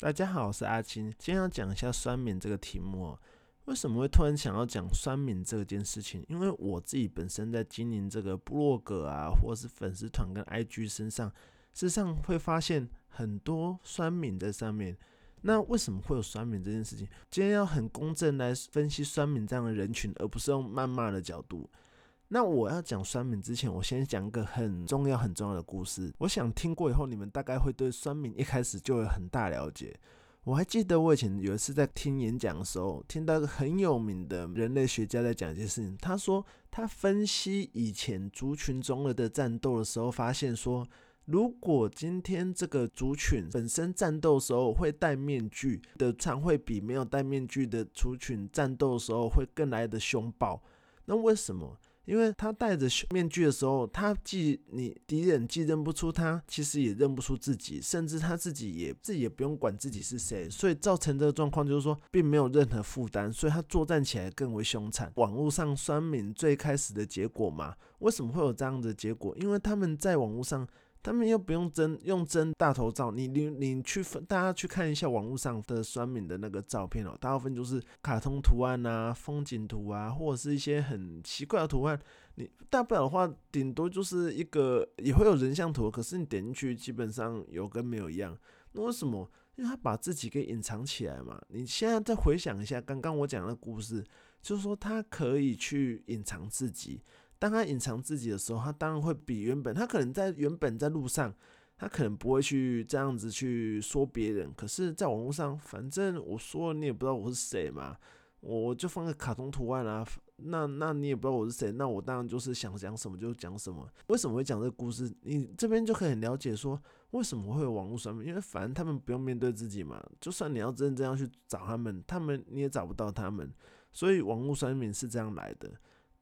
大家好，我是阿青。今天要講一下酸民這個題目啊，為什麼會突然想要講酸民這件事情？因為我自己本身在經營這個部落格啊，或是粉絲團跟 IG 身上，實際上會發現很多酸民在上面。那為什麼會有酸民這件事情？今天要很公正來分析酸民這樣的人群，而不是用謾罵的角度。那我要講酸民之前，我先講一個很重要、很重要的故事。我想聽過以後，你們大概會對酸民一開始就有很大了解。我還記得我以前有一次在聽演講的時候，聽到一個很有名的人類學家在講一件事情。他說，他分析以前族群中的戰鬥的時候，發現說，如果今天這個族群本身戰鬥的時候會戴面具的，常會比沒有戴面具的族群戰鬥的時候會更來的兇暴。那為什麼？因為他戴着面具的時候，他既你敵人既認不出他，其實也認不出自己，甚至他自己也自己也不用管自己是誰，所以造成這個狀況就是說，並沒有任何負擔，所以他作戰起來更為凶殘。網絡上酸民最開始的結果嘛，為什麼會有這樣的結果？因為他們在網絡上。他們又不用真用真大頭照，你你你去分，大家去看一下網絡上的酸民的那個照片哦、喔，大部分就是卡通圖案啊、風景圖啊，或者是一些很奇怪的圖案。你大不了的話，頂多就是一個也會有人像圖，可是你點進去基本上有跟沒有一樣。那為什麼？因為他把自己給隱藏起來嘛。你現在再回想一下剛剛我講的故事，就是說他可以去隱藏自己。當他隱藏自己的時候，他當然會比原本他可能在原本在路上，他可能不會去這樣子去說別人。可是，在網絡上，反正我說了你也不知道我是誰嘛，我就放個卡通圖案啦、啊。那那你也不知道我是誰，那我當然就是想講什麼就講什麼。為什麼會講這個故事？你這邊就可以很了解說，為什麼會有網絡酸民？因為反正他們不用面對自己嘛。就算你要真的這樣去找他們，他們你也找不到他們。所以，網絡酸民是這樣來的。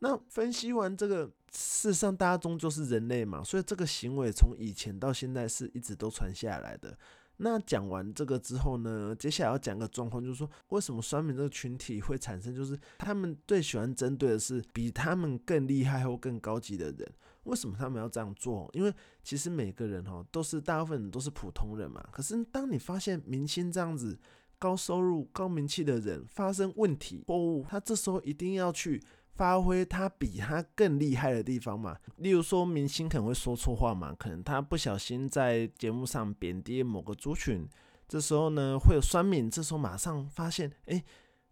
那分析完這個，事實上大家終究是人類嘛，所以這個行為從以前到現在是一直都傳下來的。那講完這個之後呢，接下來要講個狀況，就是說為什麼酸民這個群體會產生，就是他們最喜歡針對的是比他們更厲害或更高級的人，為什麼他們要這樣做？因為其實每個人哈都是大部分人都是普通人嘛，可是當你發現明星這樣子高收入、高名氣的人發生問題、錯誤，哦，他這時候一定要去。發揮他比他更厲害的地方嘛，例如說，明星可能會說錯話嘛，可能他不小心在節目上貶低某個族群，這時候呢，會有酸民，這時候馬上發現，哎、欸，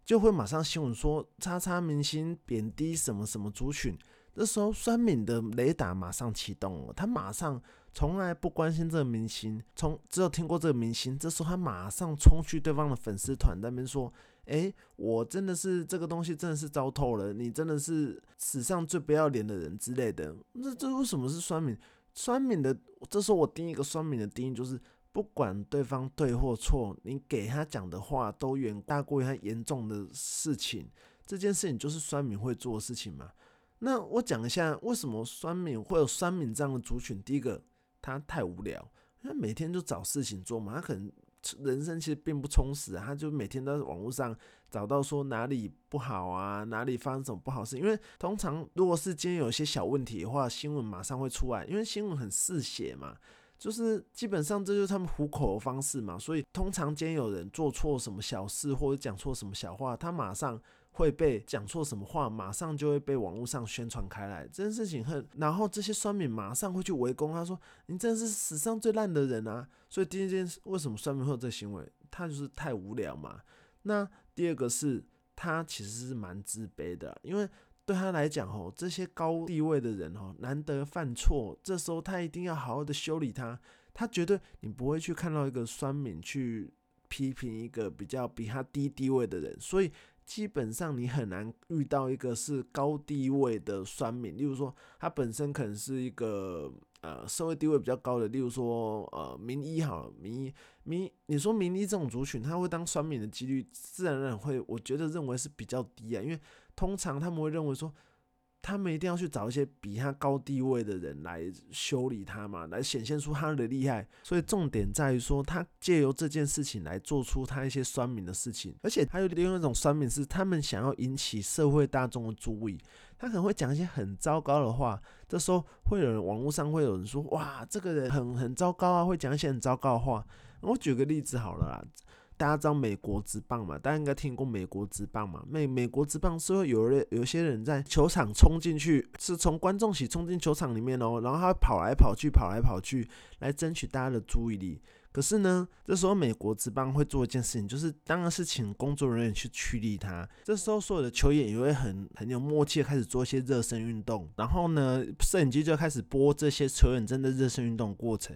就會馬上新聞說，叉叉明星貶低什麼什麼族群，這時候酸民的雷達馬上啟動了，他馬上。從來不關心這個明星，從只有聽過這個明星，這時候他馬上衝去對方的粉絲團那邊說：“誒、欸，我真的是這個東西真的是糟透了，你真的是史上最不要臉的人之類的。”那這為什麼是酸民？酸民的這時候我第一個酸民的定義就是，不管對方對或錯，你給他講的話都遠大過於他嚴重的事情。這件事情就是酸民會做的事情嘛。那我講一下為什麼酸民會有酸民這樣的族群。第一個。他太無聊，他每天就找事情做嘛。他可能人生其實並不充實，他就每天都在網絡上找到說哪裡不好啊，哪裡發生什麼不好事。因為通常如果是今天有些小問題的話，新聞馬上會出來，因為新聞很嗜血嘛，就是基本上這就是他們糊口的方式嘛。所以通常今天有人做錯什麼小事或者講錯什麼小話，他馬上。會被講錯什麼話，馬上就會被網絡上宣傳開來這件事情，很然後這些酸民馬上會去圍攻他說，說你真是史上最爛的人啊！所以第一件事，為什麼酸民會有這個行為？他就是太無聊嘛。那第二個是，他其實是蠻自卑的，因為對他來講，吼這些高地位的人吼，吼難得犯錯，這時候他一定要好好的修理他。他絕對你不會去看到一個酸民去批評一個比較比他低地位的人，所以。基本上你很難遇到一個是高地位的酸民，例如說他本身可能是一個呃社會地位比較高的，例如說呃名醫哈名醫名醫你說名醫這種族群，他會當酸民的幾率自然而然會，我覺得認為是比較低啊，因為通常他們會認為說。他們一定要去找一些比他高地位的人來修理他嘛，來顯現出他的厲害。所以重點在於說，他借由這件事情來做出他一些酸民的事情，而且還有另外一種酸民是他們想要引起社會大眾的注意。他可能會講一些很糟糕的話，這時候會有人網絡上會有人說：“哇，這個人很很糟糕啊，會講一些很糟糕的話。”我舉個例子好了啦。大家知道美國職棒嘛？大家應該聽過美國職棒嘛？美美國職棒是會有人，有些人在球場衝進去，是從觀眾席衝進球場裡面哦、喔。然後他跑來跑去，跑來跑去，來爭取大家的注意力。可是呢，這時候美國職棒會做一件事情，就是當然是請工作人員去驅離他。這時候所有的球員也會很很有默契，開始做一些熱身運動。然後呢，攝影機就開始播這些球員真的熱身運動過程，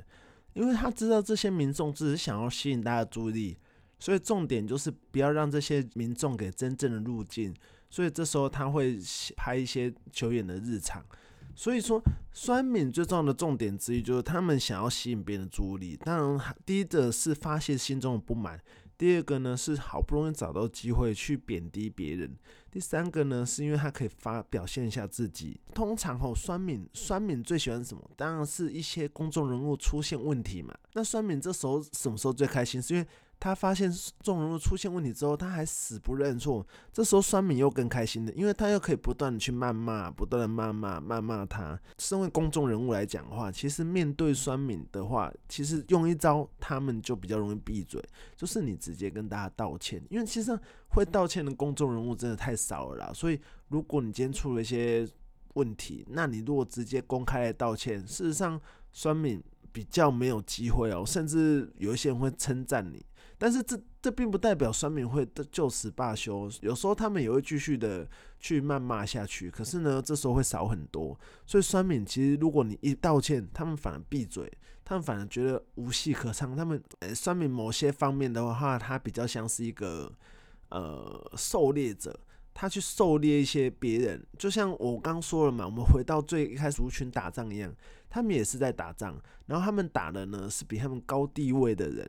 因為他知道這些民眾只是想要吸引大家的注意力。所以重點就是不要讓這些民眾給真正的入鏡，所以這時候他會拍一些球員的日常。所以說，酸民最重要的重點之一就是他們想要吸引別人的注意力。當然，第一個是發泄心中的不滿，第二個呢是好不容易找到機會去貶低別人，第三個呢是因為他可以發表現一下自己。通常吼，酸民，酸民最喜歡什麼？當然是一些公眾人物出現問題嘛。那酸民這時候什麼時候最開心？是因為他發現眾人物出現問題之後，他還死不認錯。這時候，酸民又更開心了，因為他又可以不斷的去謾罵，不斷的謾罵，謾罵他。身為公眾人物來講的話，其實面對酸民的話，其實用一招他們就比較容易閉嘴，就是你直接跟大家道歉。因為其實會道歉的公眾人物真的太少了啦。所以，如果你今天出了一些問題，那你如果直接公開來道歉，事實上酸民比較沒有機會哦、喔，甚至有一些人會稱讚你。但是這這並不代表酸民會就就此罷休，有時候他們也會繼續的去謾罵下去。可是呢，這時候會少很多。所以酸民其實，如果你一道歉，他們反而閉嘴，他們反而覺得無戲可唱。他們、欸、酸民某些方面的話，他比較像是一個呃狩獵者，他去狩獵一些別人。就像我剛說了嘛，我們回到最一開始族群打仗一樣，他們也是在打仗，然後他們打的呢是比他們高地位的人。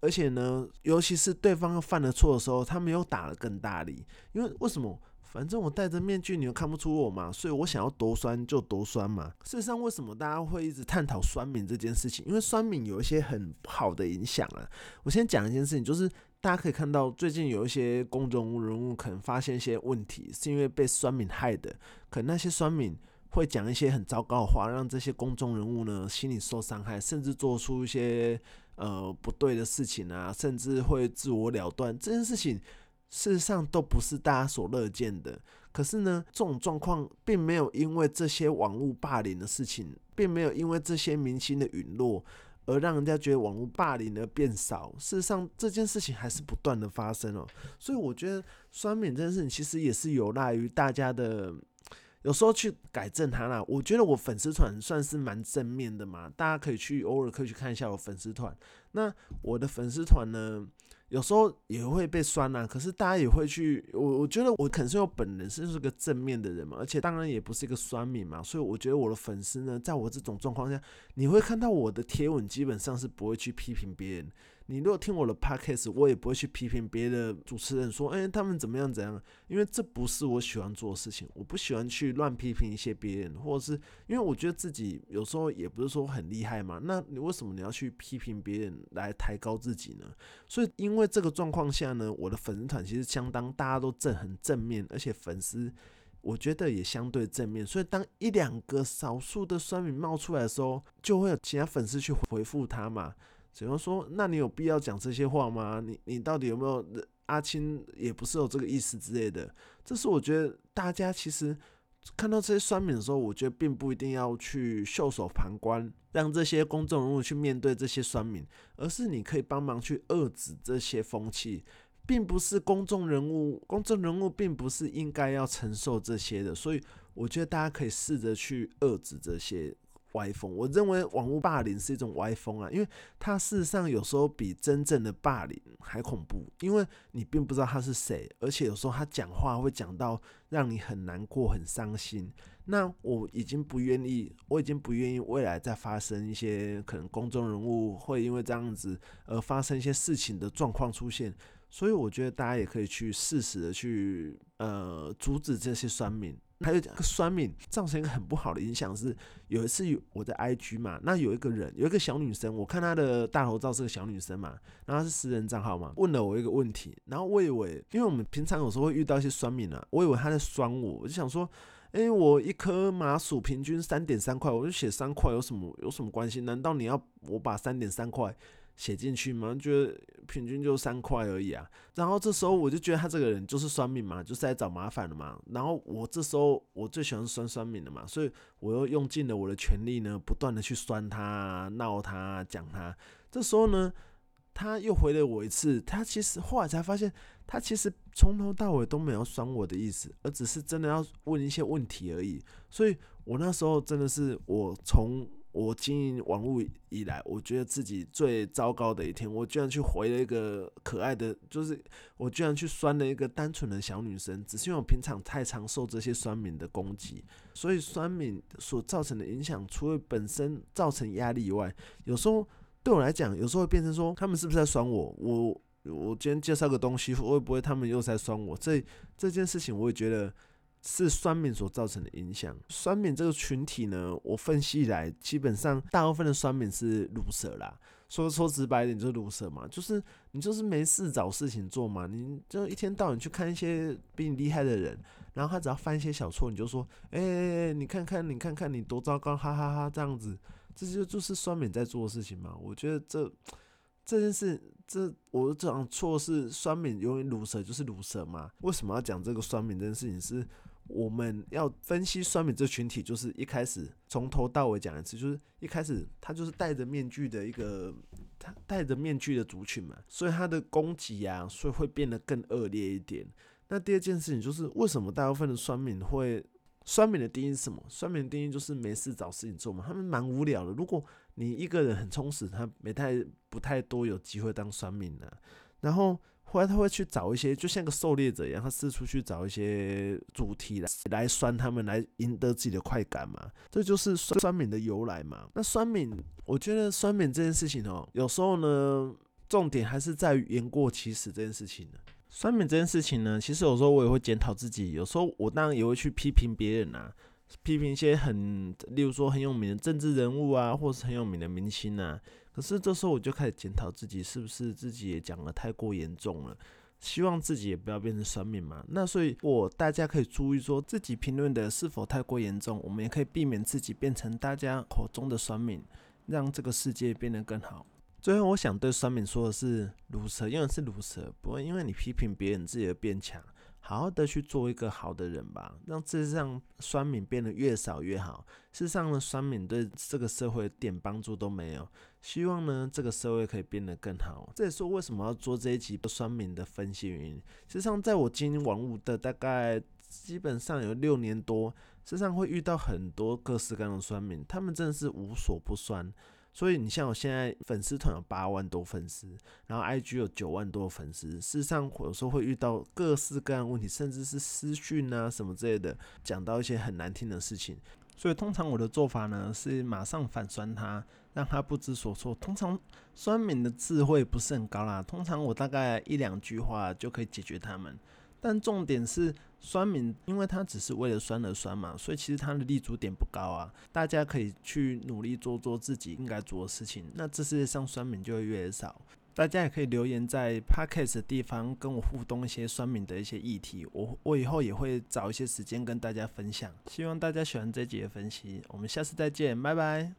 而且呢，尤其是對方犯了錯的時候，他沒有打得更大力。因為為什麼？反正我戴着面具，你又看不出我嘛，所以我想要多酸就多酸嘛。事實上，為什麼大家會一直探討酸民這件事情？因為酸民有一些很好的影響啊。我先講一件事情，就是大家可以看到，最近有一些公眾人物可能發現一些問題，是因為被酸民害的。可能那些酸民會講一些很糟糕的話，讓這些公眾人物呢心裡受傷害，甚至做出一些。呃，不對的事情啊，甚至會自我了斷這件事情，事實上都不是大家所樂見的。可是呢，這種狀況並沒有因為這些網絡霸凌的事情，並沒有因為這些明星的隕落而讓人家覺得網絡霸凌的變少。事實上，這件事情還是不斷的發生哦。所以我覺得，酸民這件事情其實也是有賴於大家的，有時候去改正它啦，我覺得我粉絲團算是蠻正面的嘛，大家可以去偶爾可以去看一下我粉絲團。那我的粉絲團呢，有時候也會被酸啦。可是大家也會去，我我覺得我肯定是我本人是一個正面的人嘛，而且當然也不是一個酸民嘛，所以我覺得我的粉絲呢，在我這種狀況下，你會看到我的貼文基本上是不會去批評別人。你如果聽我的 podcast 我也不會去批評別的主持人說，誒、欸，他們怎麼樣怎樣，因為這不是我喜歡做的事情，我不喜歡去亂批評一些別人，或者是因為我覺得自己有時候也不是說很厲害嘛，那你為什麼你要去批評別人來抬高自己呢？所以因為這個狀況下呢，我的粉絲團其實相當大家都正很正面，而且粉絲我覺得也相對正面，所以當一兩個少數的酸民冒出來的時候，就會有其他粉絲去回覆他嘛。只能說，那你有必要講這些話嗎？你你到底有沒有？呃，阿青也不是有這個意思之類的。這是我覺得大家其實看到這些酸民的時候，我覺得並不一定要去袖手旁觀，讓這些公眾人物去面對這些酸民，而是你可以幫忙去遏制這些風氣，並不是公眾人物，公眾人物並不是應該要承受這些的。所以我覺得大家可以試着去遏制這些。歪風，我認為網絡霸凌是一種歪風啊，因為它事實上有時候比真正的霸凌還恐怖，因為你並不知道他是誰，而且有時候他講話會講到讓你很難過、很傷心。那我已經不願意，我已經不願意未來再發生一些可能公眾人物會因為這樣子而發生一些事情的狀況出現。所以我覺得大家也可以去適時的去呃阻止這些酸民。還有這個酸民造成一個很不好的影響是，有一次我在 IG 嘛，那有一個人，有一個小女生，我看她的大頭照是個小女生嘛，然後是私人賬號嘛，問了我一個問題，然後我以為，因為我們平常有時候會遇到一些酸民啊，我以為她在酸我，我就想說，誒、欸，我一顆麻糬平均三點三塊，我就寫三塊，有什麼有什麼關係？難道你要我把三點三塊寫進去嘛？覺得平均就三塊而已啊。然後這時候我就覺得他這個人就是酸民嘛，就是來找麻煩的嘛。然後我這時候我最喜歡酸酸民的嘛，所以我又用盡了我的全力呢，不斷的去酸他、啊、鬧他、啊、講他。這時候呢，他又回了我一次。他其實後來才發現，他其實從頭到尾都沒有酸我的意思，而只是真的要問一些問題而已。所以我那時候真的是我從。我經營網路以來，我覺得自己最糟糕的一天，我居然去回了一個可愛的，就是我居然去酸了一個單純的小女生，只是因為我平常太常受這些酸民的攻擊，所以酸民所造成的影響，除了本身造成壓力以外，有時候對我來講，有時候會變成說他們是不是在酸我？我我今天介紹個東西，會不會他們又在酸我？這這件事情，我也覺得。是酸民所造成的影響。酸民這個群體呢，我分析來，基本上大部分的酸民是盧 o 啦。說說直白一點，就是 l o 嘛，就是你就是沒事找事情做嘛，你就一天到晚去看一些比你厲害的人，然後他只要犯一些小錯，你就說，哎、欸，你看看你看看你多糟糕，哈哈哈，哈，這樣子，這就就是酸民在做的事情嘛。我覺得這這件事。這我講錯的，是酸民，因為魯蛇就是魯蛇嘛。為什麼要講這個酸民這件事情？是我們要分析酸民這群體，就是一開始從頭到尾講一次，就是一開始他就是戴着面具的一個，他戴着面具的族群嘛，所以他的攻擊啊，所以會變得更惡劣一點。那第二件事情就是，為什麼大部分的酸民會？酸民的定義是什麼？酸民的定義就是沒事找事情做嘛，他們蠻無聊的。如果你一個人很充實，他沒太不太多有機會當酸民的，然後後來他會去找一些，就像個狩獵者一樣，他四處去找一些主題來來酸他們，來贏得自己的快感嘛。這就是酸酸民的由來嘛。那酸民，我覺得酸民這件事情哦、喔，有時候呢，重點還是在於言過其實這件事情、啊酸民這件事情呢，其實有時候我也會檢討自己，有時候我當然也會去批評別人啊，批評一些很，例如說很有名的政治人物啊，或是很有名的明星啊。可是這時候我就開始檢討自己，是不是自己也講得太過嚴重了？希望自己也不要變成酸民嘛。那所以我，我大家可以注意說自己評論的是否太過嚴重，我們也可以避免自己變成大家口中的酸民，讓這個世界變得更好。最後，我想對酸民說的是：如此，因為是如此，不會因為你批評別人，自己而變強，好好的去做一個好的人吧，讓事實上酸民變得越少越好。事實上呢，酸民對這個社會一點幫助都沒有。希望呢，這個社會可以變得更好。這也是為什麼要做這一集酸民的分析原因。事實上，在我經營網路的大概基本上有六年多，事實上會遇到很多各式各樣的酸民，他們真的是無所不酸。所以你像我現在粉絲團有八萬多粉絲，然後 IG 有九萬多粉絲，事實上有時候會遇到各式各樣的問題，甚至是私訊啊什麼之類的，講到一些很難聽的事情。所以通常我的做法呢是馬上反酸他，讓他不知所措。通常酸民的智慧不是很高啦，通常我大概一兩句話就可以解決他們。但重點是酸民，因為它只是為了酸而酸嘛，所以其實它的立足點不高啊。大家可以去努力做做自己應該做的事情，那這世界上酸民就會越來越少。大家也可以留言在 podcast 的地方跟我互動一些酸民的一些議題，我我以後也會找一些時間跟大家分享。希望大家喜歡這集的分析，我們下次再見，拜拜。